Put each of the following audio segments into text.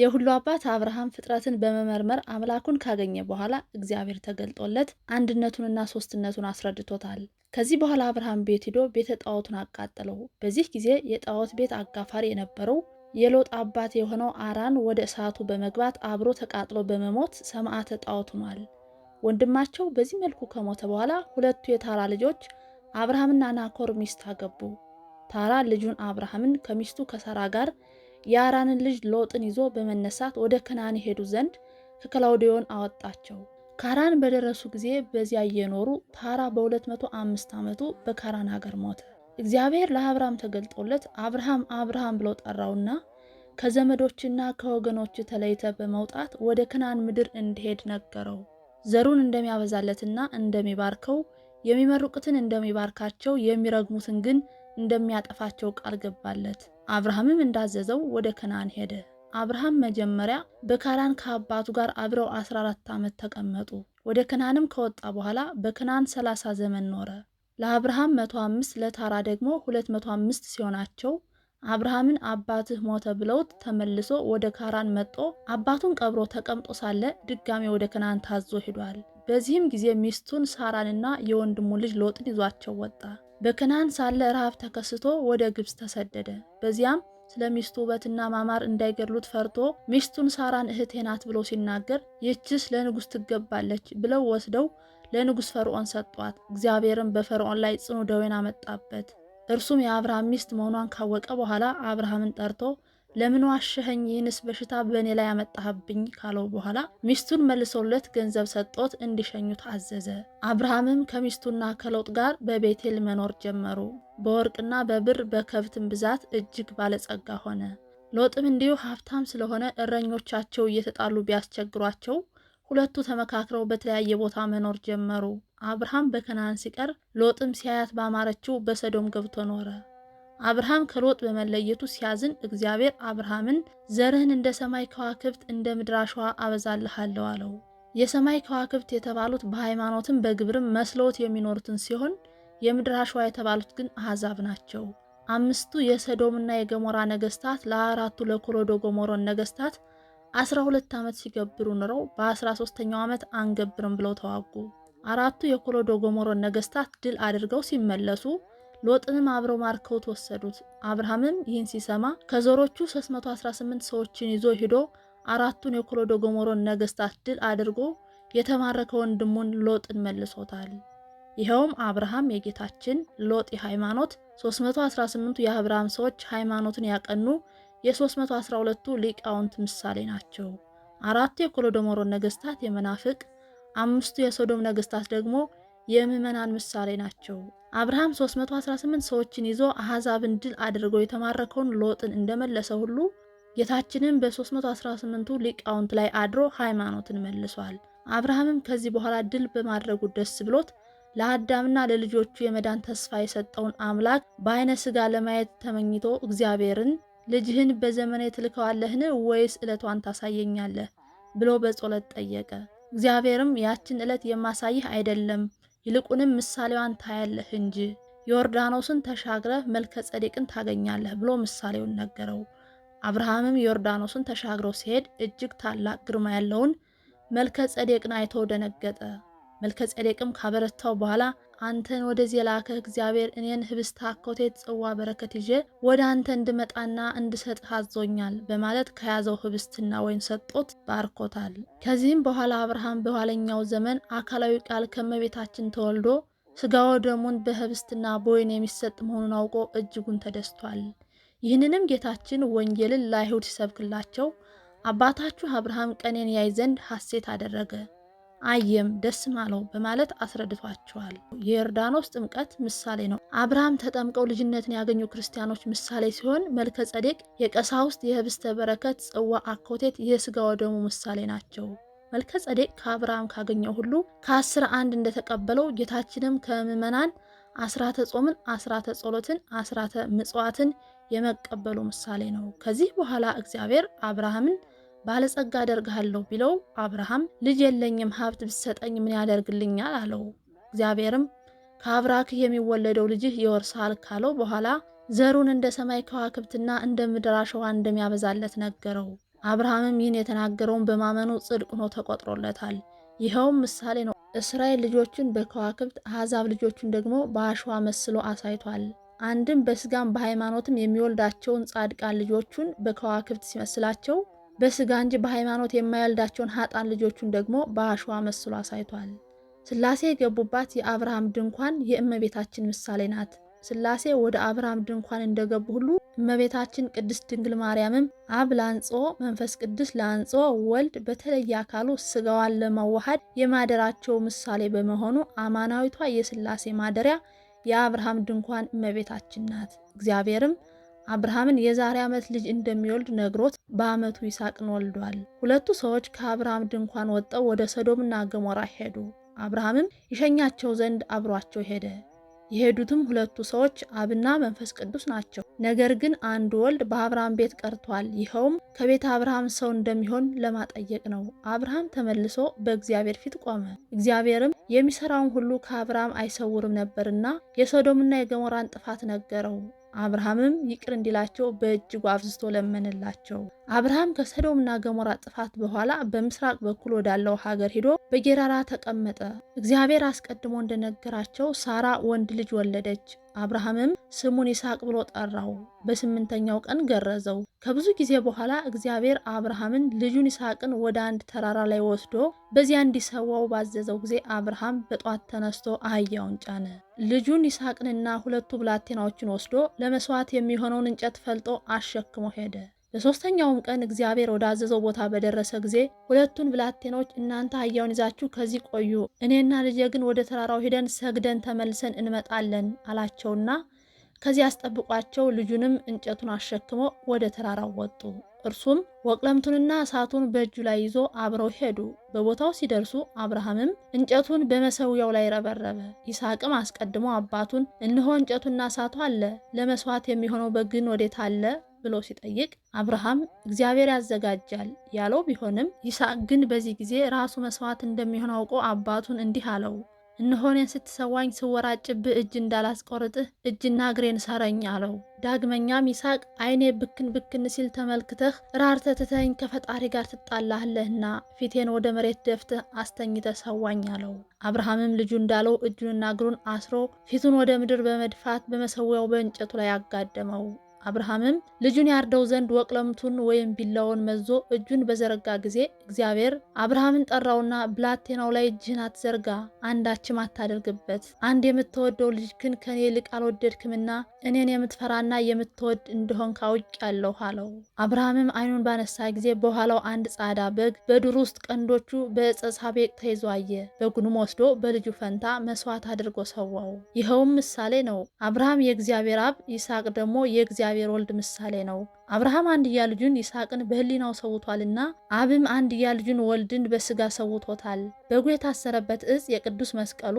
የሁሉ አባት አብርሃም ፍጥረትን በመመርመር አምላኩን ካገኘ በኋላ እግዚአብሔር ተገልጦለት አንድነቱንና ሶስትነቱን አስረድቶታል። ከዚህ በኋላ አብርሃም ቤት ሂዶ ቤተ ጣዖቱን አቃጠለው። በዚህ ጊዜ የጣዖት ቤት አጋፋሪ የነበረው የሎጥ አባት የሆነው አራን ወደ እሳቱ በመግባት አብሮ ተቃጥሎ በመሞት ሰማዕተ ጣዖት ሆኗል። ወንድማቸው በዚህ መልኩ ከሞተ በኋላ ሁለቱ የታራ ልጆች አብርሃምና ናኮር ሚስት አገቡ። ታራ ልጁን አብርሃምን ከሚስቱ ከሳራ ጋር የአራንን ልጅ ሎጥን ይዞ በመነሳት ወደ ከነዓን ይሄዱ ዘንድ ከከላውዲዮን አወጣቸው። ካራን በደረሱ ጊዜ በዚያ እየኖሩ ታራ በ205 ዓመቱ በካራን ሀገር ሞተ። እግዚአብሔር ለአብርሃም ተገልጦለት አብርሃም አብርሃም ብሎ ጠራውና ከዘመዶችና ከወገኖች ተለይተ በመውጣት ወደ ከነዓን ምድር እንዲሄድ ነገረው። ዘሩን እንደሚያበዛለትና እንደሚባርከው የሚመርቁትን እንደሚባርካቸው የሚረግሙትን ግን እንደሚያጠፋቸው ቃል ገባለት። አብርሃምም እንዳዘዘው ወደ ከነአን ሄደ። አብርሃም መጀመሪያ በካራን ከአባቱ ጋር አብረው 14 ዓመት ተቀመጡ። ወደ ከናንም ከወጣ በኋላ በከናን 30 ዘመን ኖረ። ለአብርሃም 105 ለታራ ደግሞ 205 ሲሆናቸው አብርሃምን አባትህ ሞተ ብለውት ተመልሶ ወደ ካራን መጦ አባቱን ቀብሮ ተቀምጦ ሳለ ድጋሜ ወደ ከናን ታዞ ሂዷል። በዚህም ጊዜ ሚስቱን ሳራንና የወንድሙ ልጅ ሎጥን ይዟቸው ወጣ። በከናን ሳለ ረሃብ ተከስቶ ወደ ግብፅ ተሰደደ። በዚያም ስለ ሚስቱ ውበትና ማማር እንዳይገድሉት ፈርቶ ሚስቱን ሳራን እህቴ ናት ብሎ ሲናገር ይህችስ ለንጉሥ ትገባለች ብለው ወስደው ለንጉሥ ፈርዖን ሰጧት። እግዚአብሔርም በፈርዖን ላይ ጽኑ ደዌን አመጣበት። እርሱም የአብርሃም ሚስት መሆኗን ካወቀ በኋላ አብርሃምን ጠርቶ ለምን ዋሸኸኝ? ይህንስ በሽታ በእኔ ላይ ያመጣህብኝ ካለው በኋላ ሚስቱን መልሶለት ገንዘብ ሰጦት እንዲሸኙት አዘዘ። አብርሃምም ከሚስቱና ከሎጥ ጋር በቤቴል መኖር ጀመሩ። በወርቅና በብር በከብትም ብዛት እጅግ ባለጸጋ ሆነ። ሎጥም እንዲሁ ሀብታም ስለሆነ እረኞቻቸው እየተጣሉ ቢያስቸግሯቸው ሁለቱ ተመካክረው በተለያየ ቦታ መኖር ጀመሩ። አብርሃም በከናን ሲቀር ሎጥም ሲያያት ባማረችው በሰዶም ገብቶ ኖረ። አብርሃም ከሎጥ በመለየቱ ሲያዝን እግዚአብሔር አብርሃምን ዘርህን እንደ ሰማይ ከዋክብት እንደ ምድር አሸዋ አበዛልሃለሁ አለው። የሰማይ ከዋክብት የተባሉት በሃይማኖትም በግብርም መስለውት የሚኖሩትን ሲሆን የምድር አሸዋ የተባሉት ግን አሕዛብ ናቸው። አምስቱ የሰዶምና የገሞራ ነገስታት ለአራቱ ለኮሎዶ ጎሞሮን ነገስታት አስራ ሁለት ዓመት ሲገብሩ ኑረው በአስራ ሶስተኛው ዓመት አንገብርም ብለው ተዋጉ። አራቱ የኮሎዶ ጎሞሮን ነገስታት ድል አድርገው ሲመለሱ ሎጥንም አብረው ማርከውት ወሰዱት። አብርሃምም ይህን ሲሰማ ከዞሮቹ 318 ሰዎችን ይዞ ሂዶ አራቱን የኮሎዶ ጎሞሮን ነገስታት ድል አድርጎ የተማረከ ወንድሙን ሎጥን መልሶታል። ይኸውም አብርሃም የጌታችን ሎጥ የሃይማኖት 318ቱ የአብርሃም ሰዎች ሃይማኖትን ያቀኑ የ312ቱ ሊቃውንት ምሳሌ ናቸው። አራቱ የኮሎዶሞሮ ነገስታት የመናፍቅ፣ አምስቱ የሶዶም ነገስታት ደግሞ የምዕመናን ምሳሌ ናቸው። አብርሃም 318 ሰዎችን ይዞ አሕዛብን ድል አድርጎ የተማረከውን ሎጥን እንደመለሰ ሁሉ ጌታችንም በ318ቱ ሊቃውንት ላይ አድሮ ሃይማኖትን መልሷል። አብርሃምም ከዚህ በኋላ ድል በማድረጉ ደስ ብሎት ለአዳምና ለልጆቹ የመዳን ተስፋ የሰጠውን አምላክ በአይነ ሥጋ ለማየት ተመኝቶ እግዚአብሔርን ልጅህን በዘመኔ ትልከዋለህን ወይስ ዕለቷን ታሳየኛለህ ብሎ በጸሎት ጠየቀ። እግዚአብሔርም ያችን ዕለት የማሳይህ አይደለም ይልቁንም ምሳሌዋን ታያለህ እንጂ ዮርዳኖስን ተሻግረህ መልከ ጸዴቅን ታገኛለህ ብሎ ምሳሌውን ነገረው። አብርሃምም ዮርዳኖስን ተሻግረው ሲሄድ እጅግ ታላቅ ግርማ ያለውን መልከ ጸዴቅን አይቶ ደነገጠ። መልከ ጼዴቅም ካበረታው በኋላ አንተን ወደዚህ የላከህ እግዚአብሔር እኔን ህብስት፣ አኮቴት፣ ጽዋ በረከት ይዤ ወደ አንተ እንድመጣና እንድሰጥህ አዞኛል በማለት ከያዘው ህብስትና ወይን ሰጦት ባርኮታል። ከዚህም በኋላ አብርሃም በኋለኛው ዘመን አካላዊ ቃል ከመቤታችን ተወልዶ ስጋው ደሙን በህብስትና በወይን የሚሰጥ መሆኑን አውቆ እጅጉን ተደስቷል። ይህንንም ጌታችን ወንጌልን ለአይሁድ ሲሰብክላቸው አባታችሁ አብርሃም ቀኔን ያይ ዘንድ ሐሴት አደረገ አየም ደስም አለው በማለት አስረድቷቸዋል። የዮርዳኖስ ጥምቀት ምሳሌ ነው። አብርሃም ተጠምቀው ልጅነትን ያገኙ ክርስቲያኖች ምሳሌ ሲሆን መልከ ጸዴቅ የቀሳውስት የህብስተ በረከት ጽዋ አኮቴት የስጋ ወደሙ ምሳሌ ናቸው። መልከ ጸዴቅ ከአብርሃም ካገኘው ሁሉ ከአስር አንድ እንደተቀበለው ጌታችንም ከምዕመናን አስራተ ጾምን፣ አስራተ ጸሎትን፣ አስራተ ምጽዋትን የመቀበሉ ምሳሌ ነው። ከዚህ በኋላ እግዚአብሔር አብርሃምን ባለጸጋ አደርግሃለሁ ቢለው አብርሃም ልጅ የለኝም ሀብት ብትሰጠኝ ምን ያደርግልኛል አለው። እግዚአብሔርም ከአብራክህ የሚወለደው ልጅህ ይወርሳል ካለው በኋላ ዘሩን እንደ ሰማይ ከዋክብትና እንደ ምድር አሸዋ እንደሚያበዛለት ነገረው። አብርሃምም ይህን የተናገረውን በማመኑ ጽድቅ ሆኖ ተቆጥሮለታል። ይኸውም ምሳሌ ነው። እስራኤል ልጆቹን በከዋክብት አሕዛብ ልጆቹን ደግሞ በአሸዋ መስሎ አሳይቷል። አንድም በስጋም በሃይማኖትም የሚወልዳቸውን ጻድቃን ልጆቹን በከዋክብት ሲመስላቸው በስጋ እንጂ በሃይማኖት የማይወልዳቸውን ሀጣን ልጆቹን ደግሞ በአሸዋ መስሎ አሳይቷል። ስላሴ የገቡባት የአብርሃም ድንኳን የእመቤታችን ምሳሌ ናት። ስላሴ ወደ አብርሃም ድንኳን እንደገቡ ሁሉ እመቤታችን ቅድስት ድንግል ማርያምም አብ ለአንጾ መንፈስ ቅዱስ ለአንጾ ወልድ በተለየ አካሉ ስጋዋን ለማዋሃድ የማደራቸው ምሳሌ በመሆኑ አማናዊቷ የስላሴ ማደሪያ የአብርሃም ድንኳን እመቤታችን ናት። እግዚአብሔርም አብርሃምን የዛሬ ዓመት ልጅ እንደሚወልድ ነግሮት በዓመቱ ይስሐቅን ወልዷል። ሁለቱ ሰዎች ከአብርሃም ድንኳን ወጥተው ወደ ሰዶምና ገሞራ ሄዱ። አብርሃምም ይሸኛቸው ዘንድ አብሯቸው ሄደ። የሄዱትም ሁለቱ ሰዎች አብና መንፈስ ቅዱስ ናቸው። ነገር ግን አንዱ ወልድ በአብርሃም ቤት ቀርቷል። ይኸውም ከቤተ አብርሃም ሰው እንደሚሆን ለማጠየቅ ነው። አብርሃም ተመልሶ በእግዚአብሔር ፊት ቆመ። እግዚአብሔርም የሚሰራውን ሁሉ ከአብርሃም አይሰውርም ነበርና የሶዶምና የገሞራን ጥፋት ነገረው። አብርሃምም ይቅር እንዲላቸው በእጅጉ አብዝቶ ለመንላቸው። አብርሃም ከሰዶምና ገሞራ ጥፋት በኋላ በምስራቅ በኩል ወዳለው ሀገር ሂዶ በጌራራ ተቀመጠ። እግዚአብሔር አስቀድሞ እንደነገራቸው ሳራ ወንድ ልጅ ወለደች። አብርሃምም ስሙን ይስሐቅ ብሎ ጠራው። በስምንተኛው ቀን ገረዘው። ከብዙ ጊዜ በኋላ እግዚአብሔር አብርሃምን ልጁን ይስሐቅን ወደ አንድ ተራራ ላይ ወስዶ በዚያ እንዲሰዋው ባዘዘው ጊዜ አብርሃም በጧት ተነስቶ አህያውን ጫነ። ልጁን ይስሐቅንና ሁለቱ ብላቴናዎችን ወስዶ ለመስዋዕት የሚሆነውን እንጨት ፈልጦ አሸክሞ ሄደ። በሦስተኛውም ቀን እግዚአብሔር ወዳዘዘው ቦታ በደረሰ ጊዜ ሁለቱን ብላቴኖች እናንተ አህያውን ይዛችሁ ከዚህ ቆዩ፣ እኔና ልጄ ግን ወደ ተራራው ሄደን ሰግደን ተመልሰን እንመጣለን አላቸውና ከዚህ አስጠብቋቸው። ልጁንም እንጨቱን አሸክሞ ወደ ተራራው ወጡ። እርሱም ወቅለምቱንና እሳቱን በእጁ ላይ ይዞ አብረው ሄዱ። በቦታው ሲደርሱ አብርሃምም እንጨቱን በመሰዊያው ላይ ረበረበ። ይስሐቅም አስቀድሞ አባቱን እነሆ እንጨቱና እሳቱ አለ፣ ለመስዋዕት የሚሆነው በግን ወዴት አለ ብሎ ሲጠይቅ አብርሃም እግዚአብሔር ያዘጋጃል ያለው ቢሆንም ይስሐቅ ግን በዚህ ጊዜ ራሱ መስዋዕት እንደሚሆን አውቆ አባቱን እንዲህ አለው፣ እነሆኔን ስትሰዋኝ ስወራጭብህ እጅ እንዳላስቆርጥህ እጅና እግሬን ሰረኝ አለው። ዳግመኛም ይስሐቅ ዓይኔ ብክን ብክን ሲል ተመልክተህ ራርተትተኝ ከፈጣሪ ጋር ትጣላለህና ፊቴን ወደ መሬት ደፍተህ አስተኝተ ሰዋኝ አለው። አብርሃምም ልጁ እንዳለው እጁንና እግሩን አስሮ ፊቱን ወደ ምድር በመድፋት በመሰዊያው በእንጨቱ ላይ አጋደመው። አብርሃምም ልጁን ያርደው ዘንድ ወቅለምቱን ወይም ቢላውን መዞ እጁን በዘረጋ ጊዜ እግዚአብሔር አብርሃምን ጠራውና ብላቴናው ላይ እጅህን አትዘርጋ፣ አንዳችም አታደርግበት። አንድ የምትወደው ልጅህን ከኔ ይልቅ አልወደድክምና እኔን የምትፈራና የምትወድ እንደሆን አውቄአለሁ አለው። አብርሃምም ዓይኑን ባነሳ ጊዜ በኋላው አንድ ጻዳ በግ በዱር ውስጥ ቀንዶቹ በዕፀ ሳቤቅ ተይዞ አየ። በጉንም ወስዶ በልጁ ፈንታ መስዋዕት አድርጎ ሰዋው። ይኸውም ምሳሌ ነው። አብርሃም የእግዚአብሔር አብ፣ ይስሐቅ ደግሞ የእግዚአብሔር የእግዚአብሔር ወልድ ምሳሌ ነው። አብርሃም አንድያ ልጁን ይስሐቅን በህሊናው ሰውቷልና አብም አንድያ ልጁን ወልድን በስጋ ሰውቶታል። በጉ የታሰረበት እጽ የቅዱስ መስቀሉ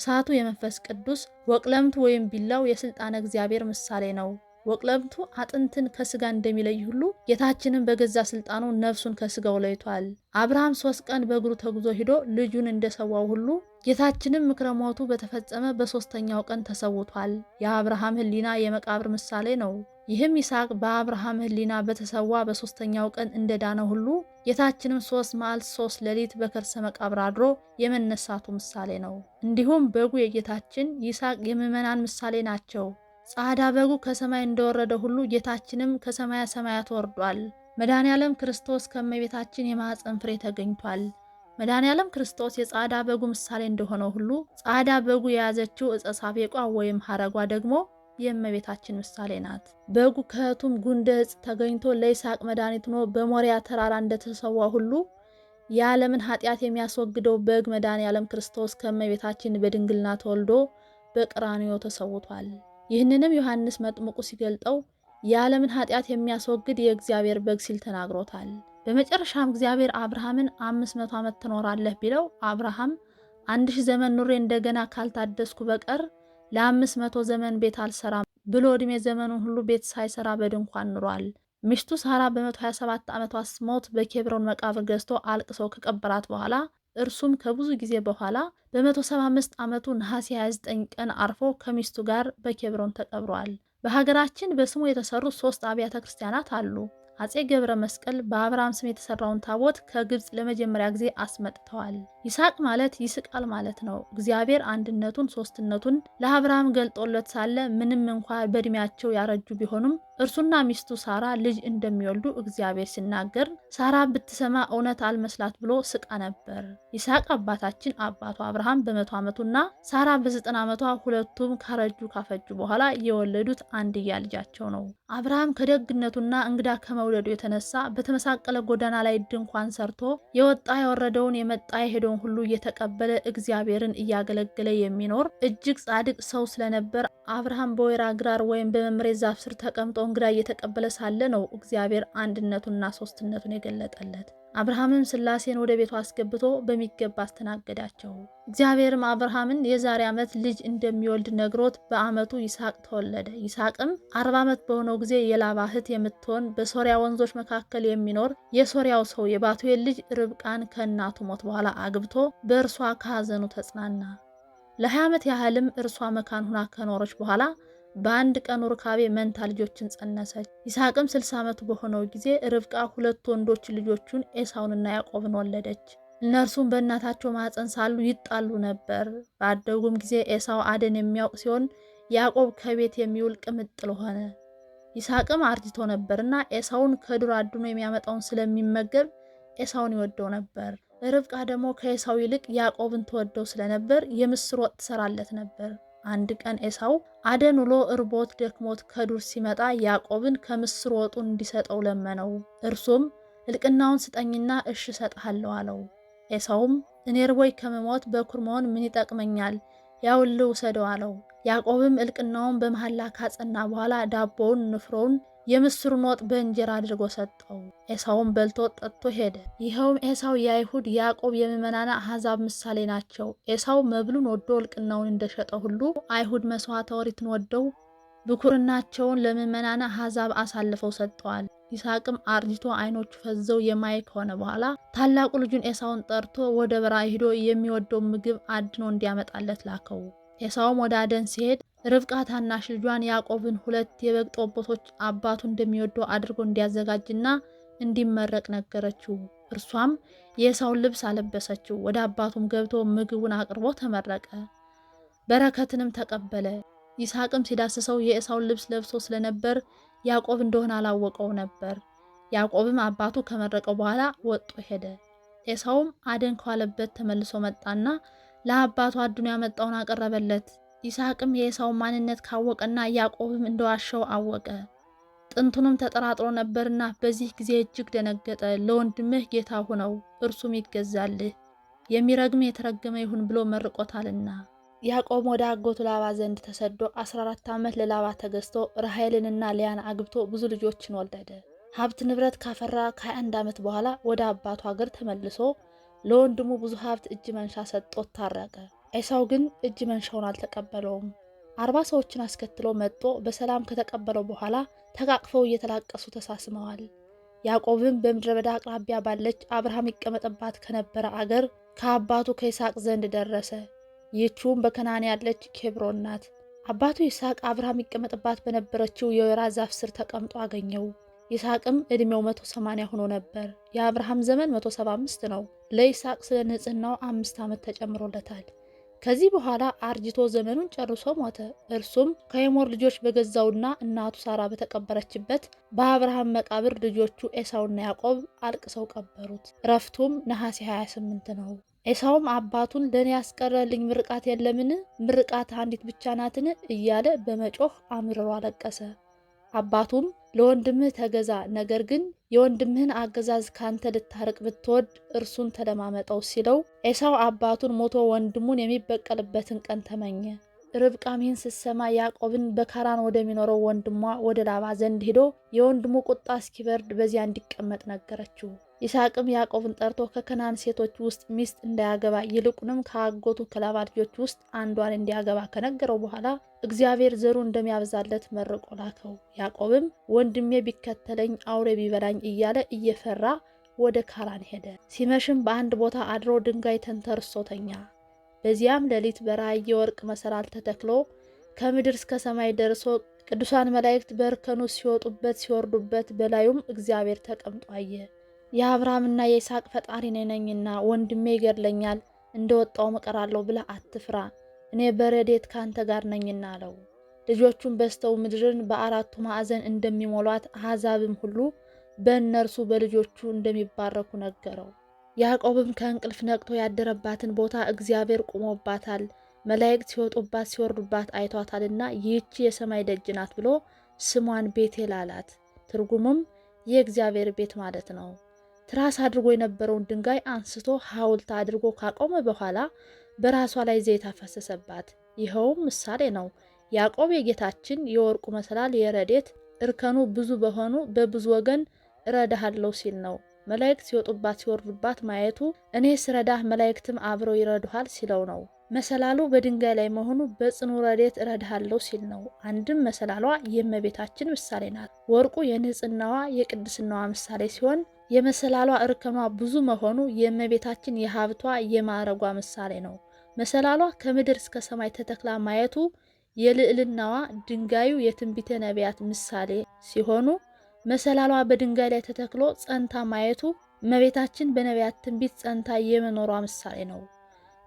እሳቱ የመንፈስ ቅዱስ ወቅለምት ወይም ቢላው የሥልጣነ እግዚአብሔር ምሳሌ ነው። ወቅለምቱ አጥንትን ከስጋ እንደሚለይ ሁሉ ጌታችንን በገዛ ስልጣኑ ነፍሱን ከስጋው ለይቷል። አብርሃም ሶስት ቀን በእግሩ ተጉዞ ሂዶ ልጁን እንደሰዋው ሁሉ ጌታችንም ምክረ ሞቱ በተፈጸመ በሦስተኛው ቀን ተሰውቷል። የአብርሃም ሕሊና የመቃብር ምሳሌ ነው። ይህም ይስሐቅ በአብርሃም ሕሊና በተሰዋ በሦስተኛው ቀን እንደዳነ ሁሉ ጌታችንም ሶስት መዓልት ሶስት ሌሊት በከርሰ መቃብር አድሮ የመነሳቱ ምሳሌ ነው። እንዲሁም በጉ የጌታችን ይስሐቅ የምዕመናን ምሳሌ ናቸው። ጻዕዳ በጉ ከሰማይ እንደወረደ ሁሉ ጌታችንም ከሰማያ ሰማያት ወርዷል። መድኃኔ ዓለም ክርስቶስ ከእመቤታችን የማኅፀን ፍሬ ተገኝቷል። መድኃኔ ዓለም ክርስቶስ የጻዕዳ በጉ ምሳሌ እንደሆነ ሁሉ ጻዕዳ በጉ የያዘችው ዕፀ ሳቤቋ ወይም ሐረጓ ደግሞ የእመቤታችን ምሳሌ ናት። በጉ ከሕቱም ጉንደ ተገኝቶ ለይስሐቅ መድኃኒት ሆኖ በሞሪያ ተራራ እንደተሰዋ ሁሉ የዓለምን ኃጢአት የሚያስወግደው በግ መድኃኔ ዓለም ክርስቶስ ከእመቤታችን በድንግልና ተወልዶ በቅራኒዮ ተሰውቷል። ይህንንም ዮሐንስ መጥምቁ ሲገልጠው የዓለምን ኃጢአት የሚያስወግድ የእግዚአብሔር በግ ሲል ተናግሮታል። በመጨረሻም እግዚአብሔር አብርሃምን አምስት መቶ ዓመት ትኖራለህ ቢለው አብርሃም አንድ ሺህ ዘመን ኑሬ እንደገና ካልታደስኩ በቀር ለአምስት መቶ ዘመን ቤት አልሰራም ብሎ ዕድሜ ዘመኑን ሁሉ ቤት ሳይሰራ በድንኳን ኑሯል። ሚስቱ ሳራ በ127 ዓመቷ ስትሞት በኬብሮን መቃብር ገዝቶ አልቅሰው ከቀበራት በኋላ እርሱም ከብዙ ጊዜ በኋላ በ175 ዓመቱ ነሐሴ 29 ቀን አርፎ ከሚስቱ ጋር በኬብሮን ተቀብሯል። በሀገራችን በስሙ የተሰሩ ሶስት አብያተ ክርስቲያናት አሉ። አጼ ገብረ መስቀል በአብርሃም ስም የተሰራውን ታቦት ከግብፅ ለመጀመሪያ ጊዜ አስመጥተዋል። ይስሐቅ ማለት ይስቃል ማለት ነው። እግዚአብሔር አንድነቱን ሶስትነቱን ለአብርሃም ገልጦለት ሳለ ምንም እንኳ በእድሜያቸው ያረጁ ቢሆኑም እርሱና ሚስቱ ሳራ ልጅ እንደሚወልዱ እግዚአብሔር ሲናገር ሳራ ብትሰማ እውነት አልመስላት ብሎ ስቃ ነበር። ይስሐቅ አባታችን አባቱ አብርሃም በመቶ ዓመቱና ሳራ በዘጠና ዓመቷ ሁለቱም ካረጁ ካፈጁ በኋላ የወለዱት አንድያ ልጃቸው ነው። አብርሃም ከደግነቱና እንግዳ ከመ ከመውደዱ የተነሳ በተመሳቀለ ጎዳና ላይ ድንኳን ሰርቶ የወጣ የወረደውን የመጣ የሄደውን ሁሉ እየተቀበለ እግዚአብሔርን እያገለገለ የሚኖር እጅግ ጻድቅ ሰው ስለነበር አብርሃም በወይራ ግራር ወይም በመምሬ ዛፍ ስር ተቀምጦ እንግዳ እየተቀበለ ሳለ ነው እግዚአብሔር አንድነቱንና ሶስትነቱን የገለጠለት። አብርሃምም ስላሴን ወደ ቤቱ አስገብቶ በሚገባ አስተናገዳቸው። እግዚአብሔርም አብርሃምን የዛሬ ዓመት ልጅ እንደሚወልድ ነግሮት በዓመቱ ይስሐቅ ተወለደ። ይስሐቅም አርባ ዓመት በሆነው ጊዜ የላባ እህት የምትሆን በሶሪያ ወንዞች መካከል የሚኖር የሶሪያው ሰው የባቱኤል ልጅ ርብቃን ከእናቱ ሞት በኋላ አግብቶ በእርሷ ከሐዘኑ ተጽናና። ለሀያ ዓመት ያህልም እርሷ መካን ሁና ከኖረች በኋላ በአንድ ቀን ሩካቤ መንታ ልጆችን ጸነሰች። ይስሐቅም 60 ዓመቱ በሆነው ጊዜ ርብቃ ሁለት ወንዶች ልጆቹን ኤሳውንና ያዕቆብን ወለደች። እነርሱም በእናታቸው ማፀን ሳሉ ይጣሉ ነበር። ባደጉም ጊዜ ኤሳው አደን የሚያውቅ ሲሆን ያዕቆብ ከቤት የሚውል ቅምጥል ሆነ። ይስሐቅም አርጅቶ ነበርና ኤሳውን ከዱር አድኖ የሚያመጣውን ስለሚመገብ ኤሳውን ይወደው ነበር። ርብቃ ደግሞ ከኤሳው ይልቅ ያዕቆብን ትወደው ስለነበር የምስር ወጥ ትሰራለት ነበር። አንድ ቀን ኤሳው አደን ውሎ እርቦት ደክሞት ከዱር ሲመጣ ያዕቆብን ከምስር ወጡ እንዲሰጠው ለመነው። እርሱም እልቅናውን ስጠኝና እሽ እሰጥሃለሁ አለው። ኤሳውም እኔ ከመሞት በኩር መሆን ምን ይጠቅመኛል? ያውል ውሰደው አለው። ያዕቆብም እልቅናውን በመሐላ ካጸና በኋላ ዳቦውን፣ ንፍሮውን የምስሩን ወጥ በእንጀራ አድርጎ ሰጠው። ኤሳውን በልቶ ጠጥቶ ሄደ። ይኸውም ኤሳው የአይሁድ ያዕቆብ የምዕመናነ አሕዛብ ምሳሌ ናቸው። ኤሳው መብሉን ወዶ እልቅናውን እንደሸጠ ሁሉ አይሁድ መስዋዕተ ኦሪትን ወደው ብኩርናቸውን ለምዕመናነ አሕዛብ አሳልፈው ሰጥተዋል። ይስሐቅም አርጅቶ ዓይኖቹ ፈዘው የማይ ከሆነ በኋላ ታላቁ ልጁን ኤሳውን ጠርቶ ወደ በራ ሂዶ የሚወደው ምግብ አድኖ እንዲያመጣለት ላከው። ኤሳውም ወደ አደን ሲሄድ ርብቃ ታናሽ ልጇን ያዕቆብን ሁለት የበግ ጠቦቶች አባቱ እንደሚወደው አድርጎ እንዲያዘጋጅና እንዲመረቅ ነገረችው። እርሷም የኤሳውን ልብስ አለበሰችው። ወደ አባቱም ገብቶ ምግቡን አቅርቦ ተመረቀ፣ በረከትንም ተቀበለ። ይስሐቅም ሲዳስሰው የኤሳውን ልብስ ለብሶ ስለነበር ያዕቆብ እንደሆነ አላወቀው ነበር። ያዕቆብም አባቱ ከመረቀው በኋላ ወጥቶ ሄደ። ኤሳውም አደን ከዋለበት ተመልሶ መጣና ለአባቱ አዱን ያመጣውን አቀረበለት። ይስሐቅም የኤሳውን ማንነት ካወቀና ያዕቆብም እንደዋሸው አወቀ። ጥንቱንም ተጠራጥሮ ነበርና በዚህ ጊዜ እጅግ ደነገጠ። ለወንድምህ ጌታ ሆነው እርሱም ይገዛልህ፣ የሚረግም የተረገመ ይሁን ብሎ መርቆታልና። ያዕቆብ ወደ አጎቱ ላባ ዘንድ ተሰዶ 14 ዓመት ለላባ ተገዝቶ ራሔልንና ሊያን አግብቶ ብዙ ልጆችን ወለደ። ሀብት ንብረት ካፈራ ከ21 ዓመት በኋላ ወደ አባቱ አገር ተመልሶ ለወንድሙ ብዙ ሀብት እጅ መንሻ ሰጥቶት ታረቀ። ኤሳው ግን እጅ መንሻውን አልተቀበለውም። አርባ ሰዎችን አስከትሎ መጦ በሰላም ከተቀበለው በኋላ ተቃቅፈው እየተላቀሱ ተሳስመዋል። ያዕቆብም በምድረ በዳ አቅራቢያ ባለች አብርሃም ይቀመጥባት ከነበረ አገር ከአባቱ ከይስሐቅ ዘንድ ደረሰ። ይህችውም በከናን ያለች ኬብሮን ናት። አባቱ ይስሐቅ አብርሃም ይቀመጥባት በነበረችው የወይራ ዛፍ ስር ተቀምጦ አገኘው። ይስሐቅም ዕድሜው 180 ሆኖ ነበር። የአብርሃም ዘመን 175 ነው። ለይስሐቅ ስለ ንጽህናው አምስት ዓመት ተጨምሮለታል። ከዚህ በኋላ አርጅቶ ዘመኑን ጨርሶ ሞተ። እርሱም ከኤሞር ልጆች በገዛውና እናቱ ሳራ በተቀበረችበት በአብርሃም መቃብር ልጆቹ ኤሳውና ያዕቆብ አልቅሰው ቀበሩት። እረፍቱም ነሐሴ 28 ነው። ኤሳውም አባቱን ለእኔ ያስቀረልኝ ምርቃት የለምን? ምርቃት አንዲት ብቻ ናትን? እያለ በመጮህ አምርሮ አለቀሰ። አባቱም ለወንድምህ ተገዛ፣ ነገር ግን የወንድምህን አገዛዝ ካንተ ልታርቅ ብትወድ እርሱን ተለማመጠው ሲለው ኤሳው አባቱን ሞቶ ወንድሙን የሚበቀልበትን ቀን ተመኘ። ርብቃም ይህን ስትሰማ ያዕቆብን በካራን ወደሚኖረው ወንድሟ ወደ ላባ ዘንድ ሂዶ የወንድሙ ቁጣ እስኪበርድ በዚያ እንዲቀመጥ ነገረችው። ይስሐቅም ያዕቆብን ጠርቶ ከከናን ሴቶች ውስጥ ሚስት እንዳያገባ ይልቁንም ከአጎቱ ከላባ ልጆች ውስጥ አንዷን እንዲያገባ ከነገረው በኋላ እግዚአብሔር ዘሩ እንደሚያበዛለት መርቆ ላከው። ያዕቆብም ወንድሜ ቢከተለኝ አውሬ ቢበላኝ እያለ እየፈራ ወደ ካራን ሄደ። ሲመሽም በአንድ ቦታ አድሮ ድንጋይ ተንተርሶ ተኛ። በዚያም ሌሊት በራእይ የወርቅ መሰላል ተተክሎ ከምድር እስከ ሰማይ ደርሶ ቅዱሳን መላእክት በእርከኑ ሲወጡበት ሲወርዱበት፣ በላዩም እግዚአብሔር ተቀምጦ አየ። የአብርሃምና የይስሐቅ ፈጣሪ እኔ ነኝና ወንድሜ ይገድለኛል እንደወጣውም እቀራለሁ ብለህ አትፍራ፣ እኔ በረዴት ካንተ ጋር ነኝና አለው። ልጆቹም በስተው ምድርን በአራቱ ማዕዘን እንደሚሞሏት አሕዛብም ሁሉ በእነርሱ በልጆቹ እንደሚባረኩ ነገረው። ያዕቆብም ከእንቅልፍ ነቅቶ ያደረባትን ቦታ እግዚአብሔር ቁሞባታል፣ መላእክት ሲወጡባት ሲወርዱባት አይቷታልና ይህቺ የሰማይ ደጅ ናት ብሎ ስሟን ቤቴል አላት። ትርጉሙም የእግዚአብሔር ቤት ማለት ነው። ትራስ አድርጎ የነበረውን ድንጋይ አንስቶ ሐውልት አድርጎ ካቆመ በኋላ በራሷ ላይ ዘይት አፈሰሰባት። ይኸውም ምሳሌ ነው። ያዕቆብ የጌታችን የወርቁ መሰላል የረዴት እርከኑ ብዙ በሆኑ በብዙ ወገን እረዳሃለሁ ሲል ነው። መላእክት ሲወጡባት ሲወርዱባት ማየቱ እኔ ስረዳህ መላእክትም አብረው ይረዱሃል ሲለው ነው። መሰላሉ በድንጋይ ላይ መሆኑ በጽኑ ረዴት እረዳሃለሁ ሲል ነው። አንድም መሰላሏ የእመቤታችን ምሳሌ ናት። ወርቁ የንጽህናዋ የቅድስናዋ ምሳሌ ሲሆን የመሰላሏ እርከኗ ብዙ መሆኑ የእመቤታችን የሀብቷ የማዕረጓ ምሳሌ ነው። መሰላሏ ከምድር እስከ ሰማይ ተተክላ ማየቱ የልዕልናዋ፣ ድንጋዩ የትንቢተ ነቢያት ምሳሌ ሲሆኑ መሰላሏ በድንጋይ ላይ ተተክሎ ጸንታ ማየቱ እመቤታችን በነቢያት ትንቢት ጸንታ የመኖሯ ምሳሌ ነው።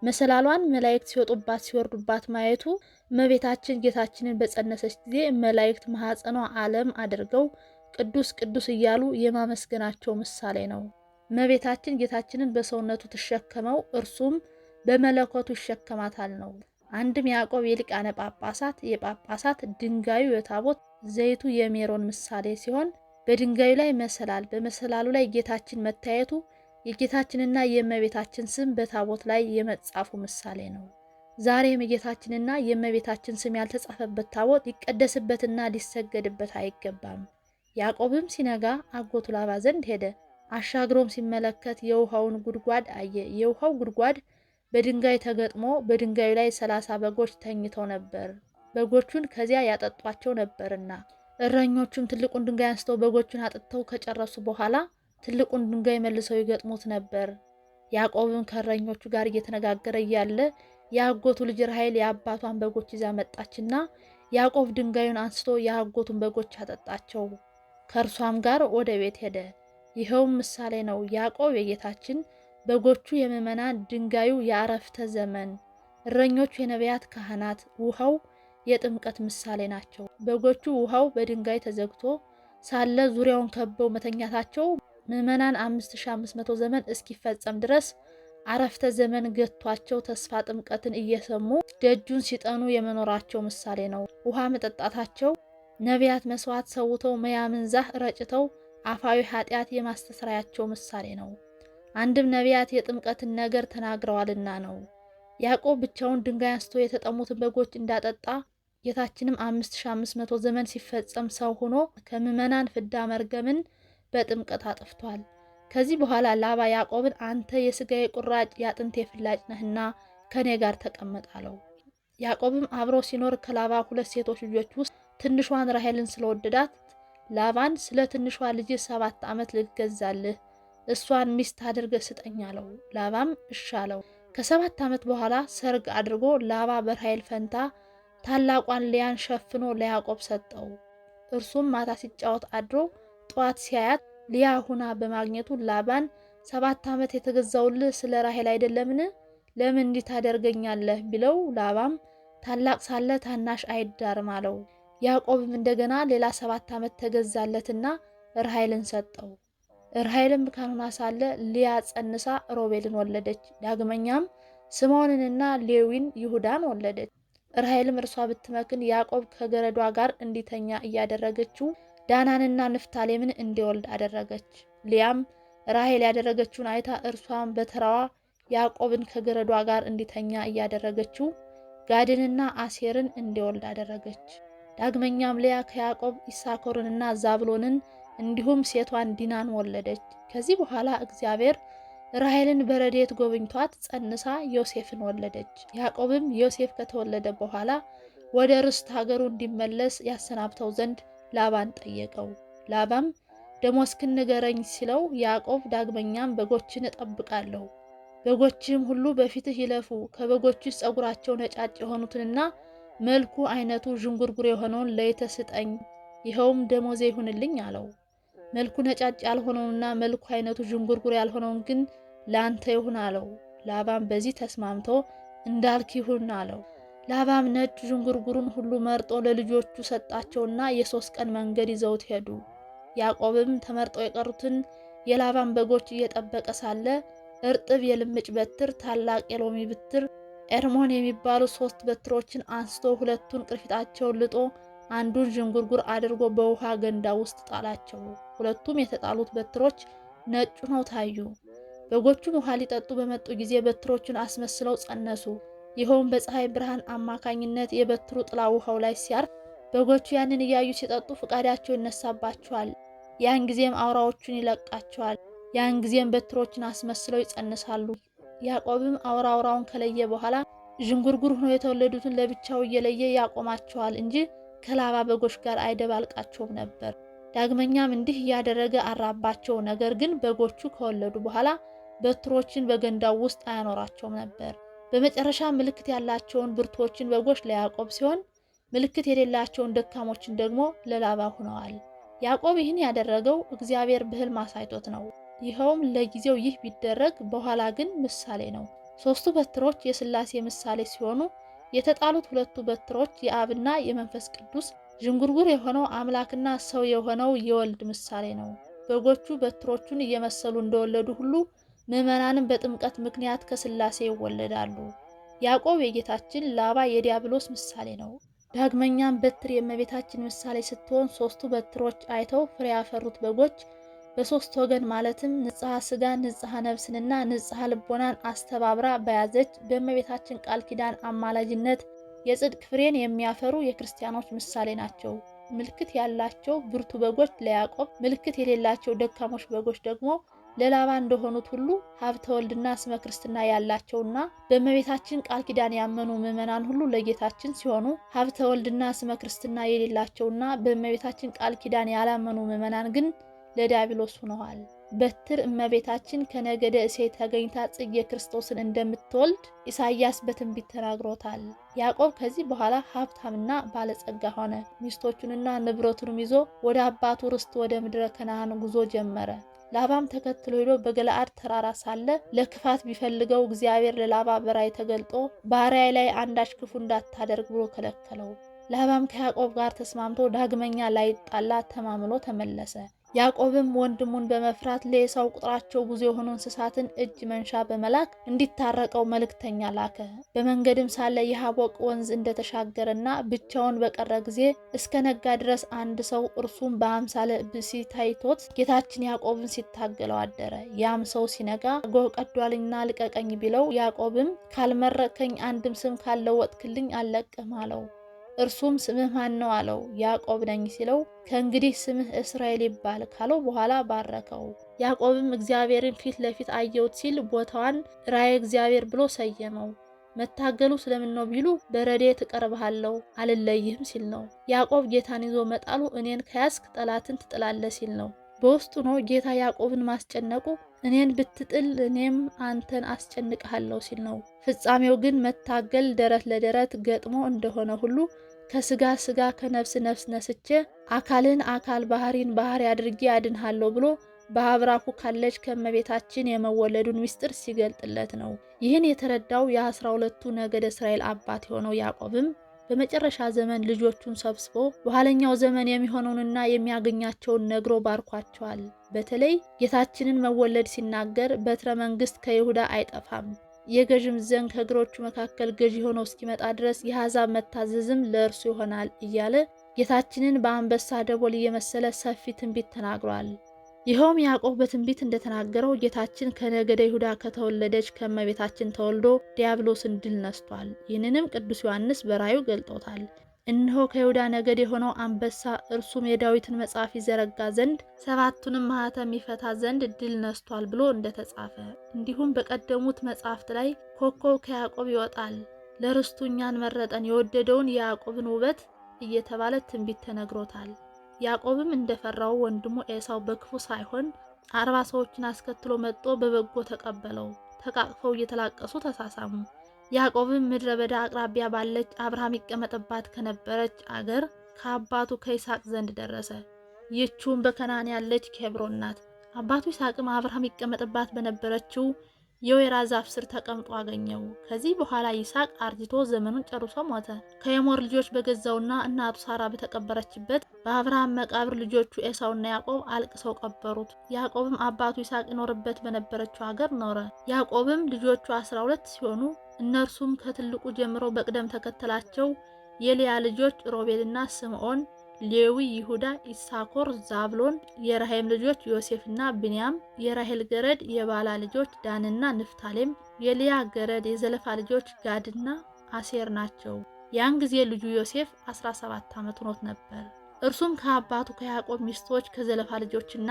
መሰላሏን መላእክት ሲወጡባት ሲወርዱባት ማየቱ እመቤታችን ጌታችንን በጸነሰች ጊዜ መላእክት ማኅፀኗ ዓለም አድርገው ቅዱስ ቅዱስ እያሉ የማመስገናቸው ምሳሌ ነው። እመቤታችን ጌታችንን በሰውነቱ ትሸከመው እርሱም በመለኮቱ ይሸከማታል ነው። አንድም ያዕቆብ የሊቃነ ጳጳሳት የጳጳሳት ድንጋዩ የታቦት ዘይቱ የሜሮን ምሳሌ ሲሆን በድንጋዩ ላይ መሰላል በመሰላሉ ላይ ጌታችን መታየቱ የጌታችንና የእመቤታችን ስም በታቦት ላይ የመጻፉ ምሳሌ ነው። ዛሬም የጌታችንና የእመቤታችን ስም ያልተጻፈበት ታቦት ሊቀደስበትና ሊሰገድበት አይገባም። ያዕቆብም ሲነጋ አጎቱ ላባ ዘንድ ሄደ። አሻግሮም ሲመለከት የውሃውን ጉድጓድ አየ። የውሃው ጉድጓድ በድንጋይ ተገጥሞ በድንጋዩ ላይ ሰላሳ በጎች ተኝተው ነበር። በጎቹን ከዚያ ያጠጧቸው ነበርና እረኞቹም ትልቁን ድንጋይ አንስተው በጎቹን አጥጥተው ከጨረሱ በኋላ ትልቁን ድንጋይ መልሰው ይገጥሙት ነበር። ያዕቆብም ከእረኞቹ ጋር እየተነጋገረ እያለ የአጎቱ ልጅ ራሔል የአባቷን በጎች ይዛ መጣችና ያዕቆብ ድንጋዩን አንስቶ የአጎቱን በጎች አጠጣቸው። ከእርሷም ጋር ወደ ቤት ሄደ። ይኸውም ምሳሌ ነው። ያዕቆብ የጌታችን በጎቹ የምእመናን ድንጋዩ የአረፍተ ዘመን እረኞቹ የነቢያት ካህናት፣ ውሃው የጥምቀት ምሳሌ ናቸው። በጎቹ ውሃው በድንጋይ ተዘግቶ ሳለ ዙሪያውን ከበው መተኛታቸው ምዕመናን 5500 ዘመን እስኪፈጸም ድረስ አረፍተ ዘመን ገቷቸው ተስፋ ጥምቀትን እየሰሙ ደጁን ሲጠኑ የመኖራቸው ምሳሌ ነው። ውሃ መጠጣታቸው ነቢያት መስዋዕት ሰውተው መያምንዛህ ረጭተው አፋዊ ኃጢአት የማስተስሪያቸው ምሳሌ ነው። አንድም ነቢያት የጥምቀትን ነገር ተናግረዋልና ነው። ያዕቆብ ብቻውን ድንጋይ አንስቶ የተጠሙትን በጎች እንዳጠጣ ጌታችንም 5500 ዘመን ሲፈጸም ሰው ሆኖ ከምዕመናን ፍዳ መርገምን በጥምቀት አጥፍቷል። ከዚህ በኋላ ላባ ያዕቆብን አንተ የስጋዬ ቁራጭ ያጥንቴ ፍላጭ ነህና ከእኔ ጋር ተቀመጥ አለው። ያዕቆብም አብሮ ሲኖር ከላባ ሁለት ሴቶች ልጆች ውስጥ ትንሿን ራሄልን ስለወደዳት ላባን ስለ ትንሿ ልጅ ሰባት ዓመት ልገዛልህ እሷን ሚስት አድርገ ስጠኝ አለው። ላባም እሺ አለው። ከሰባት ዓመት በኋላ ሰርግ አድርጎ ላባ በራሄል ፈንታ ታላቋን ሊያን ሸፍኖ ለያዕቆብ ሰጠው። እርሱም ማታ ሲጫወት አድሮ ጠዋት ሲያያት ሊያ ሁና በማግኘቱ ላባን ሰባት ዓመት የተገዛውልህ ስለ ራሄል አይደለምን? ለምን እንዲህ ታደርገኛለህ? ቢለው ላባም ታላቅ ሳለ ታናሽ አይዳርም አለው። ያዕቆብም እንደገና ሌላ ሰባት ዓመት ተገዛለትና ርሃይልን ሰጠው። ርሃይልም ብካን ሳለ ሊያ ጸንሳ ሮቤልን ወለደች። ዳግመኛም ስምዖንንና ሌዊን ይሁዳን ወለደች። ርሃይልም እርሷ ብትመክን ያዕቆብ ከገረዷ ጋር እንዲተኛ እያደረገችው ዳናንና ንፍታሌምን እንዲወልድ አደረገች። ሊያም ራሄል ያደረገችውን አይታ እርሷን በተራዋ ያዕቆብን ከገረዷ ጋር እንዲተኛ እያደረገችው ጋድንና አሴርን እንዲወልድ አደረገች። ዳግመኛም ልያ ከያዕቆብ ኢሳኮርንና ዛብሎንን እንዲሁም ሴቷን ዲናን ወለደች። ከዚህ በኋላ እግዚአብሔር ራሄልን በረዴት ጎብኝቷት ጸንሳ ዮሴፍን ወለደች። ያዕቆብም ዮሴፍ ከተወለደ በኋላ ወደ ርስት ሀገሩ እንዲመለስ ያሰናብተው ዘንድ ላባን ጠየቀው። ላባም ደሞስክን ንገረኝ ሲለው ያዕቆብ ዳግመኛም በጎችን እጠብቃለሁ፣ በጎችም ሁሉ በፊትህ ይለፉ፣ ከበጎችህ ጸጉራቸው ነጫጭ የሆኑትንና መልኩ አይነቱ ዥንጉርጉር የሆነውን ለይተ ስጠኝ፣ ይኸውም ደሞዜ ይሁንልኝ አለው። መልኩ ነጫጭ ያልሆነውንና መልኩ አይነቱ ዥንጉርጉር ያልሆነውን ግን ለአንተ ይሁን አለው። ላባም በዚህ ተስማምቶ እንዳልክ ይሁን አለው። ላባም ነጭ ዥንጉርጉሩን ሁሉ መርጦ ለልጆቹ ሰጣቸውና የሶስት ቀን መንገድ ይዘውት ሄዱ። ያዕቆብም ተመርጠው የቀሩትን የላባን በጎች እየጠበቀ ሳለ እርጥብ የልምጭ በትር፣ ታላቅ የሎሚ ብትር ኤርሞን የሚባሉ ሶስት በትሮችን አንስቶ ሁለቱን ቅርፊታቸውን ልጦ አንዱን ዥንጉርጉር አድርጎ በውሃ ገንዳ ውስጥ ጣላቸው። ሁለቱም የተጣሉት በትሮች ነጭ ነው ታዩ። በጎቹም ውሃ ሊጠጡ በመጡ ጊዜ በትሮቹን አስመስለው ጸነሱ። ይኸውም በፀሐይ ብርሃን አማካኝነት የበትሩ ጥላ ውሃው ላይ ሲያርፍ በጎቹ ያንን እያዩ ሲጠጡ ፈቃዳቸው ይነሳባቸዋል። ያን ጊዜም አውራዎቹን ይለቃቸዋል። ያን ጊዜም በትሮችን አስመስለው ይጸንሳሉ። ያዕቆብም አውራውራውን ከለየ በኋላ ዥንጉርጉር ሆኖ የተወለዱትን ለብቻው እየለየ ያቆማቸዋል እንጂ ከላባ በጎች ጋር አይደባልቃቸውም ነበር። ዳግመኛም እንዲህ እያደረገ አራባቸው። ነገር ግን በጎቹ ከወለዱ በኋላ በትሮችን በገንዳው ውስጥ አያኖራቸውም ነበር። በመጨረሻ ምልክት ያላቸውን ብርቶችን በጎች ለያዕቆብ ሲሆን ምልክት የሌላቸውን ደካሞችን ደግሞ ለላባ ሆነዋል። ያዕቆብ ይህን ያደረገው እግዚአብሔር በሕልም አሳይቶት ነው። ይኸውም ለጊዜው ይህ ቢደረግ በኋላ ግን ምሳሌ ነው። ሶስቱ በትሮች የስላሴ ምሳሌ ሲሆኑ የተጣሉት ሁለቱ በትሮች የአብና የመንፈስ ቅዱስ ዥንጉርጉር የሆነው አምላክና ሰው የሆነው የወልድ ምሳሌ ነው። በጎቹ በትሮቹን እየመሰሉ እንደወለዱ ሁሉ ምዕመናንም በጥምቀት ምክንያት ከስላሴ ይወለዳሉ። ያዕቆብ የጌታችን፣ ላባ የዲያብሎስ ምሳሌ ነው። ዳግመኛም በትር የእመቤታችን ምሳሌ ስትሆን ሶስቱ በትሮች አይተው ፍሬ ያፈሩት በጎች በሶስት ወገን ማለትም ንጽሐ ስጋን፣ ንጽሐ ነፍስንና ንጽሐ ልቦናን አስተባብራ በያዘች በእመቤታችን ቃል ኪዳን አማላጅነት የጽድቅ ፍሬን የሚያፈሩ የክርስቲያኖች ምሳሌ ናቸው። ምልክት ያላቸው ብርቱ በጎች ለያዕቆብ፣ ምልክት የሌላቸው ደካሞች በጎች ደግሞ ለላባ እንደሆኑት ሁሉ ሀብተ ወልድና ስመ ክርስትና ያላቸውና በእመቤታችን ቃል ኪዳን ያመኑ ምዕመናን ሁሉ ለጌታችን ሲሆኑ ሀብተ ወልድና ስመ ክርስትና የሌላቸውና በእመቤታችን ቃል ኪዳን ያላመኑ ምዕመናን ግን ለዲያብሎስ ሆነዋል። በትር እመቤታችን ከነገደ እሴ ተገኝታ ጽጌ ክርስቶስን እንደምትወልድ ኢሳይያስ በትንቢት ተናግሮታል። ያዕቆብ ከዚህ በኋላ ሀብታምና ባለጸጋ ሆነ። ሚስቶቹንና ንብረቱንም ይዞ ወደ አባቱ ርስት ወደ ምድረ ከነዓን ጉዞ ጀመረ። ላባም ተከትሎ ሄዶ በገለአድ ተራራ ሳለ ለክፋት ቢፈልገው እግዚአብሔር ለላባ በራእይ ተገልጦ ባሪያዬ ላይ አንዳች ክፉ እንዳታደርግ ብሎ ከለከለው። ላባም ከያዕቆብ ጋር ተስማምቶ ዳግመኛ ላይጣላ ተማምኖ ተመለሰ። ያዕቆብም ወንድሙን በመፍራት ለኤሳው ቁጥራቸው ብዙ የሆኑ እንስሳትን እጅ መንሻ በመላክ እንዲታረቀው መልእክተኛ ላከ። በመንገድም ሳለ የሀቦቅ ወንዝ እንደተሻገረና ብቻውን በቀረ ጊዜ እስከ ነጋ ድረስ አንድ ሰው እርሱም በአምሳለ ብእሲ ታይቶት ጌታችን ያዕቆብን ሲታገለው አደረ። ያም ሰው ሲነጋ ጎህ ቀዷልኝና ልቀቀኝ ቢለው ያዕቆብም ካልመረቅከኝ አንድም ስም ካልለወጥክልኝ አልለቅም አለው። እርሱም ስምህ ማን ነው አለው። ያዕቆብ ነኝ ሲለው ከእንግዲህ ስምህ እስራኤል ይባል ካለው በኋላ ባረከው። ያዕቆብም እግዚአብሔርን ፊት ለፊት አየሁት ሲል ቦታዋን ራእየ እግዚአብሔር ብሎ ሰየመው። መታገሉ ስለምን ነው ቢሉ በረዴ እቀርብሃለሁ አልለይህም ሲል ነው። ያዕቆብ ጌታን ይዞ መጣሉ እኔን ከያዝክ ጠላትን ትጥላለህ ሲል ነው። በውስጡ ነው ጌታ ያዕቆብን ማስጨነቁ እኔን ብትጥል እኔም አንተን አስጨንቅሃለሁ ሲል ነው። ፍጻሜው ግን መታገል ደረት ለደረት ገጥሞ እንደሆነ ሁሉ ከስጋ ስጋ ከነፍስ ነፍስ ነስቼ አካልን አካል ባህሪን ባህሪ አድርጌ አድንሃለሁ ብሎ በአብራኩ ካለች ከመቤታችን የመወለዱን ምስጢር ሲገልጥለት ነው። ይህን የተረዳው የአስራ ሁለቱ ነገደ እስራኤል አባት የሆነው ያዕቆብም በመጨረሻ ዘመን ልጆቹን ሰብስቦ በኋለኛው ዘመን የሚሆነውንና የሚያገኛቸውን ነግሮ ባርኳቸዋል። በተለይ ጌታችንን መወለድ ሲናገር በትረ መንግስት ከይሁዳ አይጠፋም የገዥም ዘንግ ከእግሮቹ መካከል ገዢ ሆኖ እስኪመጣ ድረስ የአሕዛብ መታዘዝም ለእርሱ ይሆናል እያለ ጌታችንን በአንበሳ ደቦል እየመሰለ ሰፊ ትንቢት ተናግሯል። ይኸውም ያዕቆብ በትንቢት እንደተናገረው ጌታችን ከነገደ ይሁዳ ከተወለደች ከእመቤታችን ተወልዶ ዲያብሎስን ድል ነስቷል። ይህንንም ቅዱስ ዮሐንስ በራዩ ገልጦታል። እነሆ ከይሁዳ ነገድ የሆነው አንበሳ እርሱም የዳዊትን መጽሐፍ ይዘረጋ ዘንድ ሰባቱንም ማኅተም ይፈታ ዘንድ ድል ነስቷል ብሎ እንደተጻፈ እንዲሁም በቀደሙት መጻሕፍት ላይ ኮከብ ከያዕቆብ ይወጣል፣ ለርስቱ እኛን መረጠን፣ የወደደውን የያዕቆብን ውበት እየተባለ ትንቢት ተነግሮታል። ያዕቆብም እንደፈራው ወንድሙ ኤሳው በክፉ ሳይሆን አርባ ሰዎችን አስከትሎ መጥቶ በበጎ ተቀበለው። ተቃቅፈው እየተላቀሱ ተሳሳሙ። ያዕቆብም ምድረ በዳ አቅራቢያ ባለች አብርሃም ይቀመጥባት ከነበረች አገር ከአባቱ ከይስሐቅ ዘንድ ደረሰ። ይህችውም በከናን ያለች ኬብሮን ናት። አባቱ ይስሐቅም አብርሃም ይቀመጥባት በነበረችው የወይራ ዛፍ ስር ተቀምጦ አገኘው። ከዚህ በኋላ ይስሐቅ አርጅቶ ዘመኑን ጨርሶ ሞተ። ከየሞር ልጆች በገዛውና እናቱ ሳራ በተቀበረችበት በአብርሃም መቃብር ልጆቹ ኤሳውና ያዕቆብ አልቅሰው ቀበሩት። ያዕቆብም አባቱ ይስሐቅ ይኖርበት በነበረችው ሀገር ኖረ። ያዕቆብም ልጆቹ አስራ ሁለት ሲሆኑ እነርሱም ከትልቁ ጀምሮ በቅደም ተከተላቸው የሊያ ልጆች ሮቤልና ስምዖን፣ ሌዊ፣ ይሁዳ፣ ኢሳኮር፣ ዛብሎን፣ የራሄም ልጆች ዮሴፍና ብንያም፣ የራሄል ገረድ የባላ ልጆች ዳንና ንፍታሌም፣ የሊያ ገረድ የዘለፋ ልጆች ጋድና አሴር ናቸው። ያን ጊዜ ልጁ ዮሴፍ 17 ዓመት ሆኖት ነበር። እርሱም ከአባቱ ከያዕቆብ ሚስቶች ከዘለፋ ልጆችና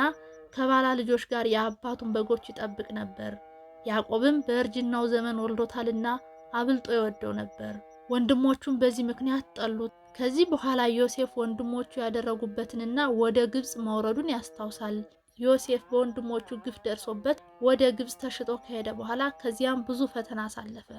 ከባላ ልጆች ጋር የአባቱን በጎች ይጠብቅ ነበር። ያዕቆብም በእርጅናው ዘመን ወልዶታልና አብልጦ የወደው ነበር። ወንድሞቹም በዚህ ምክንያት ጠሉት። ከዚህ በኋላ ዮሴፍ ወንድሞቹ ያደረጉበትንና ወደ ግብፅ መውረዱን ያስታውሳል። ዮሴፍ በወንድሞቹ ግፍ ደርሶበት ወደ ግብፅ ተሽጦ ከሄደ በኋላ ከዚያም ብዙ ፈተና አሳለፈ።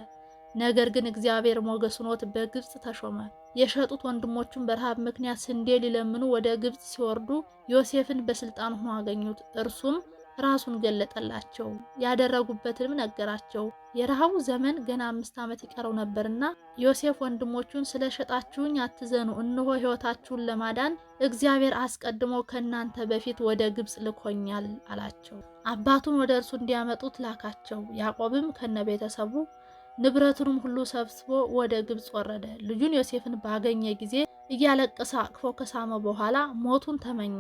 ነገር ግን እግዚአብሔር ሞገስ ኖት በግብፅ ተሾመ። የሸጡት ወንድሞቹም በረሃብ ምክንያት ስንዴ ሊለምኑ ወደ ግብፅ ሲወርዱ ዮሴፍን በስልጣን ሆኖ አገኙት። እርሱም ራሱን ገለጠላቸው። ያደረጉበትንም ነገራቸው። የረሃቡ ዘመን ገና አምስት ዓመት ይቀረው ነበርና ዮሴፍ ወንድሞቹን ስለ ሸጣችሁኝ አትዘኑ፣ እነሆ ሕይወታችሁን ለማዳን እግዚአብሔር አስቀድሞ ከእናንተ በፊት ወደ ግብፅ ልኮኛል አላቸው። አባቱን ወደ እርሱ እንዲያመጡት ላካቸው። ያዕቆብም ከነ ቤተሰቡ ንብረቱንም ሁሉ ሰብስቦ ወደ ግብፅ ወረደ። ልጁን ዮሴፍን ባገኘ ጊዜ እያለቀሰ አቅፎ ከሳመ በኋላ ሞቱን ተመኘ።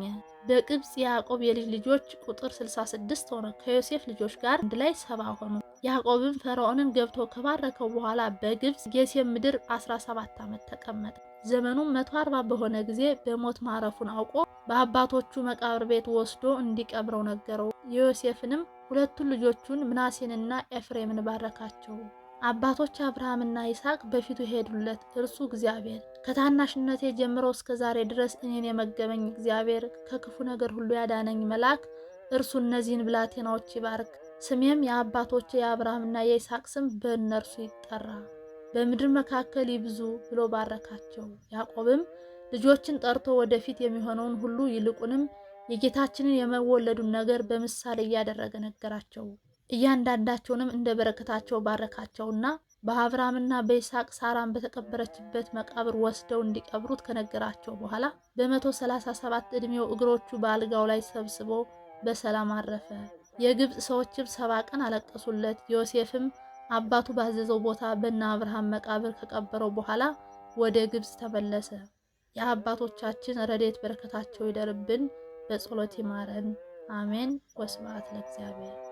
በግብፅ የያዕቆብ የልጅ ልጆች ቁጥር 66 ሆነ። ከዮሴፍ ልጆች ጋር አንድ ላይ ሰባ ሆኑ። ያዕቆብም ፈርዖንን ገብቶ ከባረከው በኋላ በግብፅ ጌሴም ምድር 17 ዓመት ተቀመጠ። ዘመኑም 140 በሆነ ጊዜ በሞት ማረፉን አውቆ በአባቶቹ መቃብር ቤት ወስዶ እንዲቀብረው ነገረው። የዮሴፍንም ሁለቱን ልጆቹን ምናሴንና ኤፍሬምን ባረካቸው። አባቶች አብርሃምና ይስሐቅ በፊቱ ሄዱለት። እርሱ እግዚአብሔር ከታናሽነቴ ጀምሮ እስከ ዛሬ ድረስ እኔን የመገበኝ እግዚአብሔር ከክፉ ነገር ሁሉ ያዳነኝ መልአክ እርሱ እነዚህን ብላቴናዎች ይባርክ። ስሜም የአባቶቼ የአብርሃምና የይስሐቅ ስም በእነርሱ ይጠራ፣ በምድር መካከል ይብዙ ብሎ ባረካቸው። ያዕቆብም ልጆችን ጠርቶ ወደፊት የሚሆነውን ሁሉ ይልቁንም የጌታችንን የመወለዱን ነገር በምሳሌ እያደረገ ነገራቸው። እያንዳንዳቸውንም እንደ በረከታቸው ባረካቸውና በአብርሃምና በይስሐቅ ሳራን በተቀበረችበት መቃብር ወስደው እንዲቀብሩት ከነገራቸው በኋላ በመቶ ሰላሳ ሰባት ዕድሜው እግሮቹ በአልጋው ላይ ሰብስቦ በሰላም አረፈ። የግብፅ ሰዎችም ሰባ ቀን አለቀሱለት። ዮሴፍም አባቱ ባዘዘው ቦታ በእነ አብርሃም መቃብር ከቀበረው በኋላ ወደ ግብፅ ተመለሰ። የአባቶቻችን ረዴት በረከታቸው ይደርብን፣ በጸሎት ይማረን። አሜን። ወስብሐት ለእግዚአብሔር።